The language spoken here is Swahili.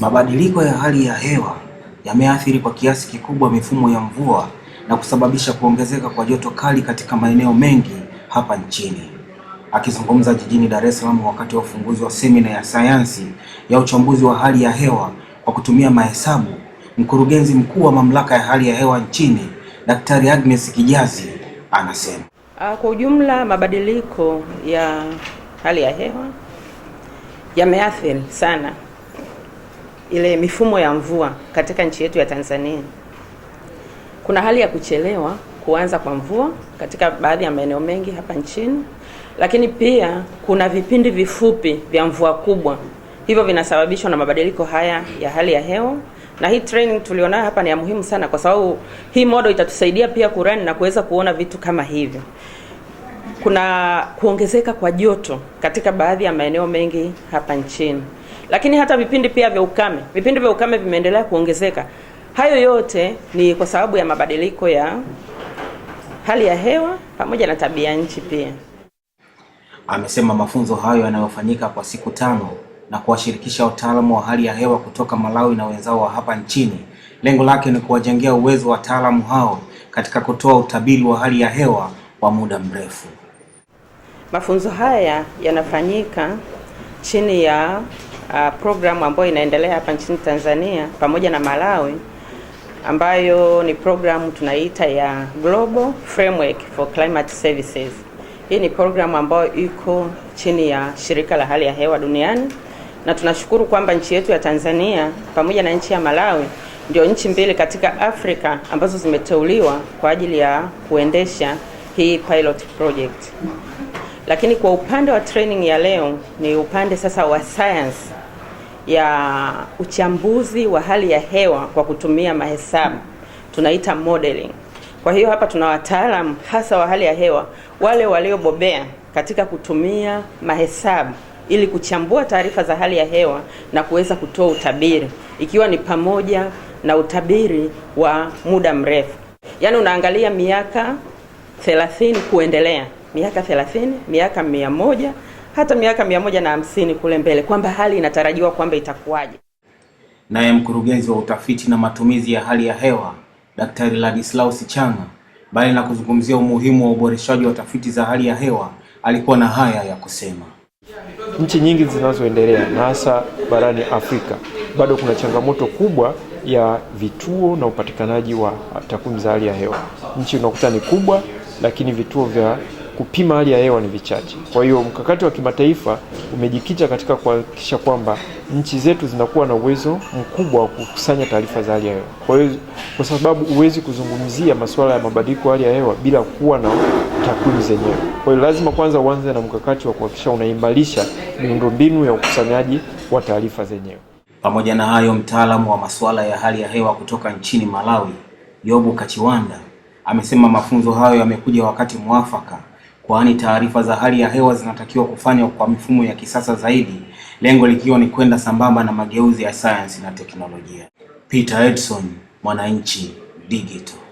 Mabadiliko ya hali ya hewa yameathiri kwa kiasi kikubwa mifumo ya mvua na kusababisha kuongezeka kwa joto kali katika maeneo mengi hapa nchini. Akizungumza jijini Dar es Salaam wakati wa ufunguzi wa semina ya sayansi ya uchambuzi wa hali ya hewa kwa kutumia mahesabu, mkurugenzi mkuu wa mamlaka ya hali ya hewa nchini Daktari Agnes Kijazi anasema ah, kwa ujumla mabadiliko ya hali ya hewa yameathiri sana ile mifumo ya mvua katika nchi yetu ya Tanzania. Kuna hali ya kuchelewa kuanza kwa mvua katika baadhi ya maeneo mengi hapa nchini, lakini pia kuna vipindi vifupi vya mvua kubwa, hivyo vinasababishwa na mabadiliko haya ya hali ya hewa na hii training tulionayo hapa ni ya muhimu sana, kwa sababu hii model itatusaidia pia kurani na kuweza kuona vitu kama hivyo. Kuna kuongezeka kwa joto katika baadhi ya maeneo mengi hapa nchini lakini hata vipindi pia vya ukame, vipindi vya ukame vimeendelea kuongezeka. Hayo yote ni kwa sababu ya mabadiliko ya hali ya hewa pamoja na tabia nchi. Pia amesema mafunzo hayo yanayofanyika kwa siku tano na kuwashirikisha wataalamu wa hali ya hewa kutoka Malawi na wenzao wa hapa nchini, lengo lake ni kuwajengea uwezo wa wataalamu hao katika kutoa utabiri wa hali ya hewa wa muda mrefu. Mafunzo haya yanafanyika chini ya uh, programu ambayo inaendelea hapa nchini Tanzania pamoja na Malawi ambayo ni programu tunaita ya Global Framework for Climate Services. Hii ni programu ambayo iko chini ya shirika la hali ya hewa duniani na tunashukuru kwamba nchi yetu ya Tanzania pamoja na nchi ya Malawi ndio nchi mbili katika Afrika ambazo zimeteuliwa kwa ajili ya kuendesha hii pilot project. Lakini kwa upande wa training ya leo ni upande sasa wa science ya uchambuzi wa hali ya hewa kwa kutumia mahesabu, tunaita modeling. Kwa hiyo hapa tuna wataalamu hasa wa hali ya hewa, wale waliobobea katika kutumia mahesabu ili kuchambua taarifa za hali ya hewa na kuweza kutoa utabiri, ikiwa ni pamoja na utabiri wa muda mrefu, yaani unaangalia miaka 30 kuendelea, miaka 30, miaka mia moja hata miaka mia moja na hamsini kule mbele, kwamba hali inatarajiwa kwamba itakuwaje. Naye mkurugenzi wa utafiti na matumizi ya hali ya hewa Daktari Ladislaus Changa, mbali na kuzungumzia umuhimu wa uboreshaji wa tafiti za hali ya hewa, alikuwa na haya ya kusema. Nchi nyingi zinazoendelea na hasa barani Afrika bado kuna changamoto kubwa ya vituo na upatikanaji wa takwimu za hali ya hewa. Nchi unakuta ni kubwa, lakini vituo vya kupima hali ya hewa ni vichache. Kwa hiyo mkakati wa kimataifa umejikita katika kuhakikisha kwamba nchi zetu zinakuwa na uwezo mkubwa wa kukusanya taarifa za hali ya hewa. Kwa hiyo kwa sababu huwezi kuzungumzia masuala ya mabadiliko ya hali ya hewa bila kuwa na takwimu zenyewe. Kwa hiyo lazima kwanza uanze na mkakati wa kuhakikisha unaimarisha miundombinu ya ukusanyaji wa taarifa zenyewe. Pamoja na hayo, mtaalamu wa masuala ya hali ya hewa kutoka nchini Malawi, Yobu Kachiwanda, amesema mafunzo hayo yamekuja wakati mwafaka kwani taarifa za hali ya hewa zinatakiwa kufanywa kwa mifumo ya kisasa zaidi, lengo likiwa ni kwenda sambamba na mageuzi ya sayansi na teknolojia. Peter Edson, Mwananchi Digital.